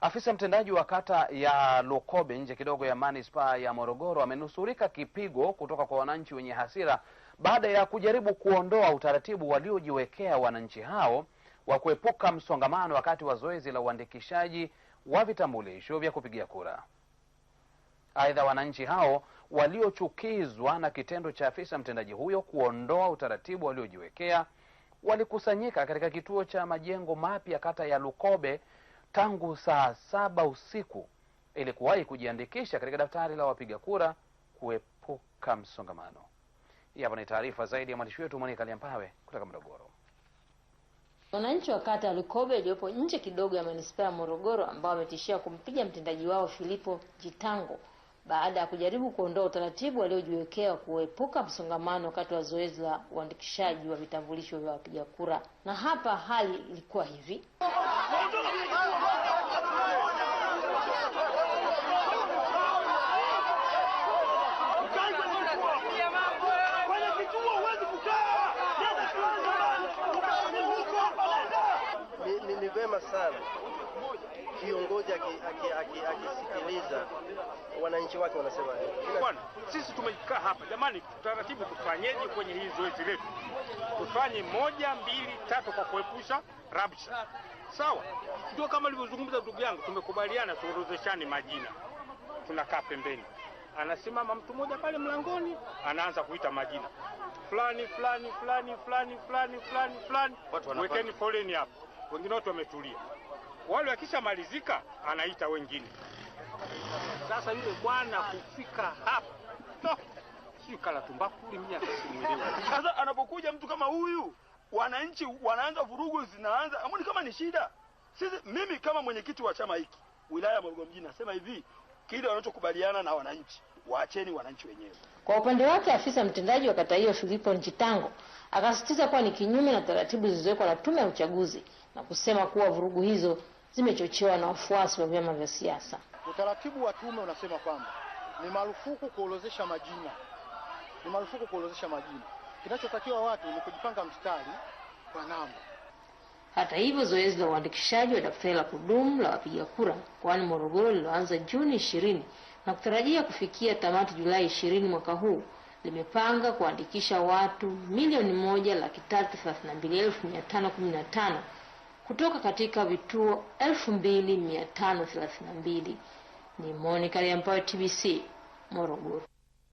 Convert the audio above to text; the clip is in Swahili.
Afisa mtendaji wa kata ya Lukobe nje kidogo ya manispaa ya Morogoro amenusurika kipigo kutoka kwa wananchi wenye hasira baada ya kujaribu kuondoa utaratibu waliojiwekea wananchi hao wa kuepuka msongamano wakati wa zoezi la uandikishaji wa vitambulisho vya kupigia kura. Aidha, wananchi hao waliochukizwa na kitendo cha afisa mtendaji huyo kuondoa utaratibu waliojiwekea walikusanyika katika kituo cha majengo mapya kata ya Lukobe tangu saa saba usiku ili kuwahi kujiandikisha katika daftari la wapiga kura kuepuka msongamano. Hii hapa ni taarifa zaidi ya mwandishi wetu mwanika Liampawe kutoka Morogoro. Wananchi wa kata ya Lukobe iliyopo nje kidogo ya manispaa ya Morogoro, ambao wametishia kumpiga mtendaji wao Filipo Jitango baada ya kujaribu kuondoa utaratibu waliojiwekea kuepuka msongamano wakati wa zoezi la uandikishaji wa vitambulisho vya wapiga kura, na hapa hali ilikuwa hivi vyema sana kiongozi akisikiliza wananchi wake wanasema bwana, sisi tumekaa hapa jamani, taratibu tufanyeje kwenye hili zoezi letu? Tufanye moja mbili tatu kwa kuepusha rabsha, sawa? Ndio kama alivyozungumza ndugu yangu, tumekubaliana tuorozeshane majina, tunakaa pembeni, anasimama mtu mmoja pale mlangoni, anaanza kuita majina fulani fulani fulani fulani fulani fulani, wekeni foleni hapo wengine wote wametulia. Wale wakishamalizika anaita wengine. Sasa yule bwana kufika hapa no, sio kala tumbaku sasa anapokuja mtu kama huyu, wananchi wanaanza vurugu, zinaanza amoni, kama ni shida. Sisi mimi kama mwenyekiti wa chama hiki wilaya ya Morogoro mjini nasema hivi, kile wanachokubaliana na wananchi waacheni wananchi wenyewe. Kwa upande wake, afisa mtendaji wa kata hiyo Filipo Njitango akasisitiza kuwa ni kinyume na taratibu zilizowekwa na Tume ya Uchaguzi na kusema kuwa vurugu hizo zimechochewa na wafuasi wa vyama vya siasa. Utaratibu wa tume unasema kwamba ni marufuku kuolozesha majina, ni marufuku kuolozesha majina. Kinachotakiwa watu ni kujipanga mstari kwa namba. Hata hivyo, zoezi la uandikishaji wa daftari la kudumu la wapiga kura mkoani Morogoro lililoanza Juni ishirini na kutarajia kufikia tamati Julai ishirini mwaka huu limepanga kuandikisha watu milioni moja laki tatu thelathini na mbili elfu mia tano kumi na tano kutoka katika vituo 2532. Ni Monica Liambayo, TBC, Morogoro.